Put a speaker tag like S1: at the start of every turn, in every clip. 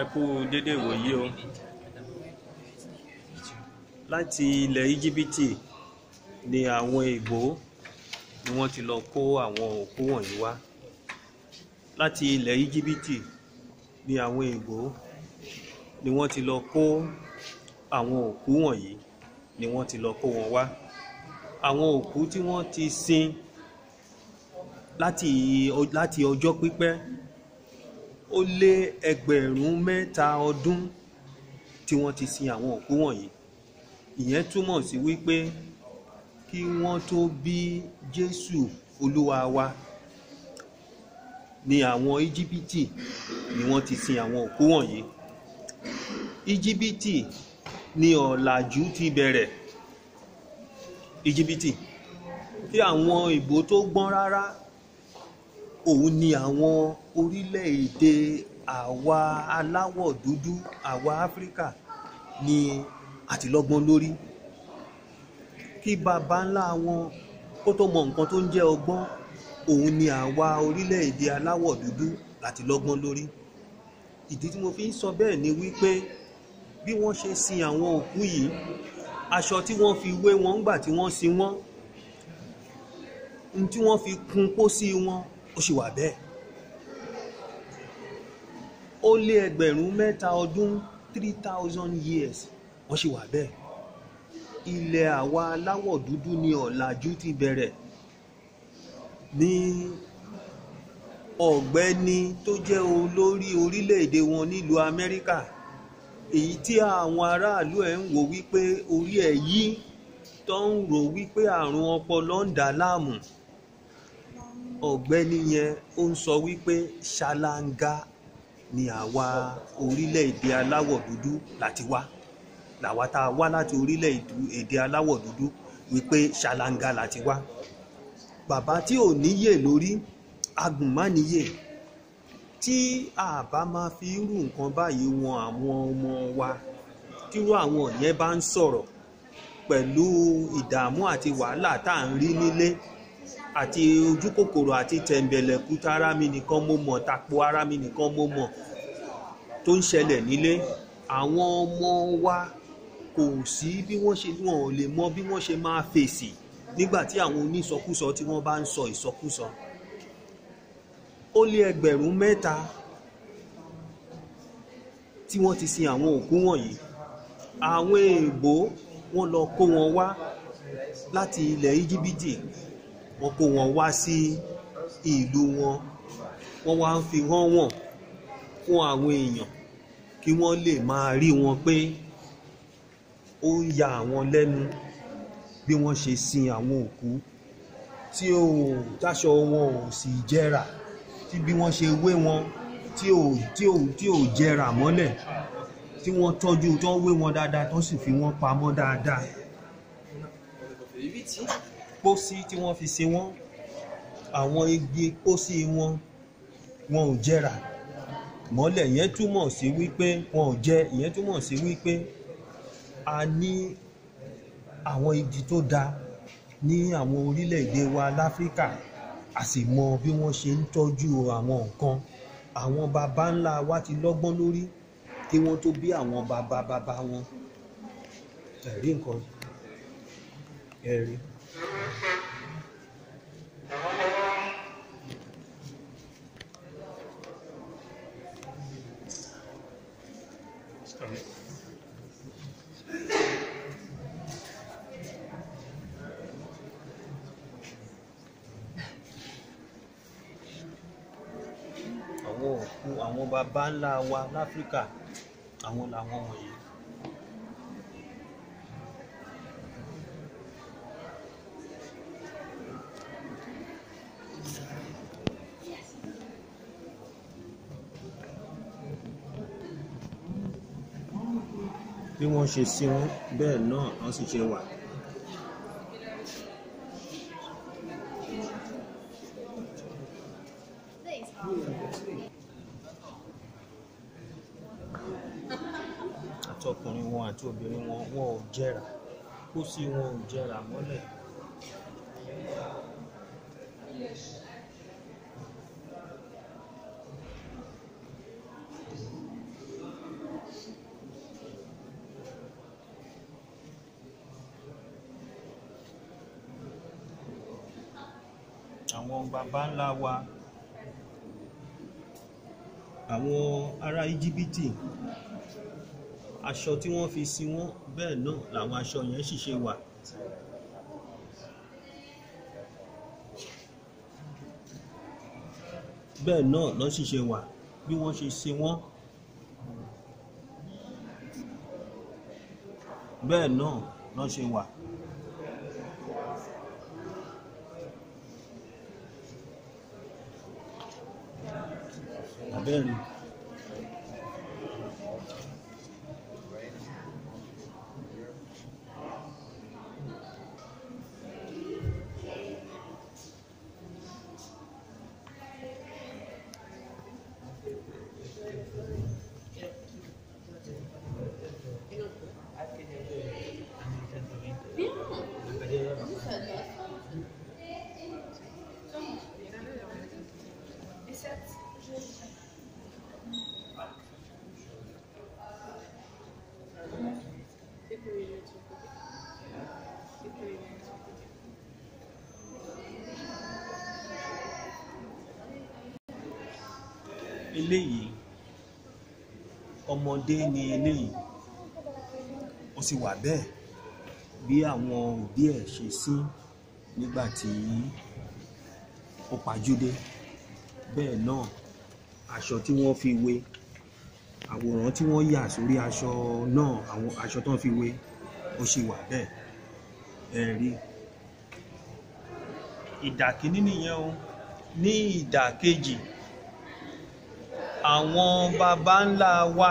S1: ẹ kú dédé ìwòyí o láti ilẹ̀ íjíbítì ni àwọn ìgbò ni wọ́n ti lọ kó àwọn òkú wọ̀nyí wá láti ilẹ̀ íjíbítì ni àwọn ìgbò ni wọ́n ti lọ kó àwọn òkú wọ̀nyí ni wọ́n ti lọ kó wọn wá àwọn òkú tí wọ́n ti sin láti ọjọ́ pípẹ́ ó lé ẹgbẹ̀rún mẹ́ta ọdún tí wọ́n ti sin àwọn òkú wọ̀nyí ìyẹn túmọ̀ sí wípé kí wọ́n tó bí Jésù olúwa wa ni àwọn íjíbítì ni wọ́n ti sin àwọn òkú wọ̀nyí íjíbítì ni ọ̀làjú ti bẹ̀rẹ̀ íjíbítì kí àwọn ìbò tó gbọ́n rárá òun ni àwọn orílẹ̀-èdè àwa aláwọ̀ dúdú àwa áfíríkà ni àti lọ́gbọ́n lórí kí baba ńlá wọn kó tó mọ nǹkan tó ń jẹ́ ọgbọ́n òun ni àwa orílẹ̀-èdè aláwọ̀ dúdú àti lórí ìdí tí mo fi ń sọ bẹ́ẹ̀ ni wípé bí wọ́n ṣe sin àwọn òkú yìí aṣọ tí wọ́n fi wé wọn ńgbà tí wọ́n sin wọ́n ohun tí wọ́n fi kun pósí wọn ó sì wà bẹ́ẹ̀ ó lé ẹgbẹ̀rún mẹ́ta ọdún three thousand years wọ́n sì wà bẹ́ẹ̀ ilẹ̀ àwa aláwọ̀ dúdú ni ọ̀làjú ti bẹ̀rẹ̀ ní ọ̀gbẹ́ni tó jẹ́ olórí orílẹ̀-èdè wọn nílùú Amẹ́ríkà èyí tí àwọn aráàlú ẹ̀ ń wò wípé orí ẹ̀ yí tó ń rò wípé àrùn ọpọlọ ń dà láàmú ọ̀gbẹ́ni yẹn ó ń sọ wípé ṣáláńgá ni àwa orílẹ̀-èdè aláwọ̀ dúdú láti wá làwa tá a wá láti orílẹ̀-èdè aláwọ̀ dúdú wípé ṣáláńgá láti wá bàbá tí ò níyè lórí agùnmáníyè tí a bá máa fi irú nǹkan báyìí wọn àwọn ọmọ wa tírú àwọn yẹn bá ń sọ̀rọ̀ pẹ̀lú ìdààmú àti wàhálà tá à ń rí nílé àti ojú kòkòrò àti tẹ̀m̀bẹ̀lẹ̀kú tára mi nìkan mo mọ̀ tàpò ara mi nìkan mo mọ̀ tó ń ṣẹlẹ̀ nílé àwọn ọmọ wa kò sí bí wọ́n ṣe wọn ò lè mọ bí wọ́n ṣe máa fèsì nígbà tí àwọn onísọkúsọ tí wọ́n bá ń sọ ìsọkúsọ ó lé ẹgbẹ̀rún mẹ́ta tí wọ́n ti sin àwọn òkú wọ̀nyí àwọn èèbó wọ́n lọ kó wọn wá láti ilẹ̀ íjíbítì wọ́n kó wọn wá sí ìlú wọn wọ́n wá ń fi hàn wọ́n fún àwọn èèyàn kí wọ́n lè máa rí wọn pé ó ń ya àwọn lẹ́nu bí wọ́n ṣe sin àwọn òkú tí ò táṣọ wọn ò sì jẹrà tí bí wọ́n ṣe wé wọn tí ò tí ò tí ò jẹrà mọ́lẹ̀ tí wọ́n tọ́jú tó wé wọn dáadáa tó sì fi wọ́n pamọ́ dáadáa pósí tí wọ́n fi ṣe wọ́n àwọn igi pósí wọn wọn ò jẹrà mọ́lẹ̀ yẹn túmọ̀ sí wípé wọn ò jẹ ìyẹn túmọ̀ sí wípé a ní àwọn igi tó dáa ní àwọn orílẹ̀-èdè wa láfíríkà a sì mọ bí wọ́n ṣe ń tọ́jú àwọn nǹkan àwọn baba ńlá wa ti lọ́gbọ́n lórí kí wọ́n tó bí àwọn baba baba wọn ẹ̀rí nǹkan ẹ̀rí. àwọn baba ńlá wa láfíríkà àwọn làwọn wọ̀nyí. bí wọ́n ṣe sí wọn bẹ́ẹ̀ náà wọ́n sì ṣe wà. àtọkùnrin wọn àti obìnrin wọn wọn ò jẹrà pósí wọn ò jẹrà mọ́lẹ̀. àwọn baba ńlá wa àwọn ará íjíbítì aṣọ tí wọ́n fi sí wọn bẹ́ẹ̀ náà làwọn aṣọ yẹn sì ṣe wà. bẹ́ẹ̀ náà lọ́ sì ṣe wà bí wọ́n ṣe sí wọn. bẹ́ẹ̀ náà lọ́ ṣe wà. Bẹ́ẹ̀ eléyìí ọmọdé ni eléyìí ó sì wà bẹ́ẹ̀ bí àwọn òbí ẹ̀ ṣe sí nígbà tí ó pajúdé bẹ́ẹ̀ náà aṣọ tí wọ́n fi wé àwòrán tí wọ́n yà sórí aṣọ náà àwọn aṣọ tó ń fi wé ó sì wà bẹ́ẹ̀ ẹ rí ìdà nìyẹn o ní ìdà àwọn baba ńlá wa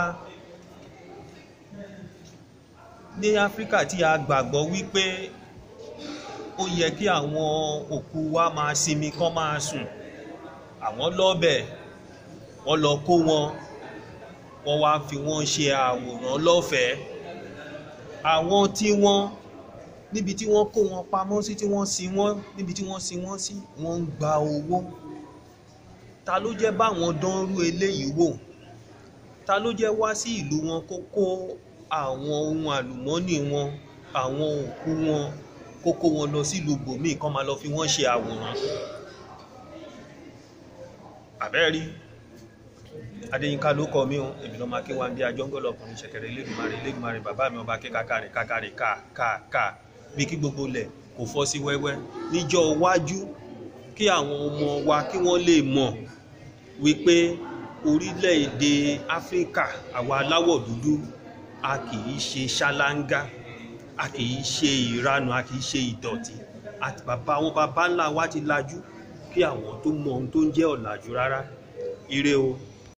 S1: ní áfíríkà tí a gbàgbọ́ wípé ó yẹ kí àwọn òkú wa máa sinmi kán máa sùn àwọn lọ́bẹ̀ wọ́n lọ kó wọn wọ́n wá fi wọ́n ṣe àwòrán lọ́fẹ̀ẹ́ àwọn tí wọ́n níbi tí wọ́n kó wọn pamọ́ sí tí wọ́n sin wọ́n níbi tí wọ́n sin wọ́n sí wọ́n ń gba owó ta ló jẹ́ báwọn dánrú eléyìí wò ta ló jẹ́ wá sí ìlú wọn kó kó àwọn ohun àlùmọ́ọ́nì wọn àwọn òkú wọn kó kó wọn lọ sílùú bòmíì kán máa lọ fi wọ́n ṣe àwòrán àbẹ́rí adéyínká ló kọ mí o èmi lọ́ọ́ máa ké wá ń bí ajọ́ngọ́lọ̀ ọkùnrin ṣẹ̀kẹ̀rẹ̀ lẹ́gbìmọ̀rẹ́ lẹ́gbìmọ̀rẹ́ bàbá mi ọba ké kákàrẹ̀ kákàrẹ̀ ká ká bí kí gbogbo lẹ̀ kò fọ́ sí wẹ́wẹ́ níjọ́ iwájú kí àwọn ọmọ wa kí wọ́n lè mọ̀ wípé orílẹ̀-èdè áfíríkà àwa aláwọ̀ dúdú a kì í ṣe ṣáláńgá a kì í ṣe ìranù a kì í ṣe ìdọ̀tí àti bàbá àwọn bàbá ńlá wa ti lajú kí àwọn tó mọ ohun tó ń jẹ́ ọ̀làjú rárá ire o.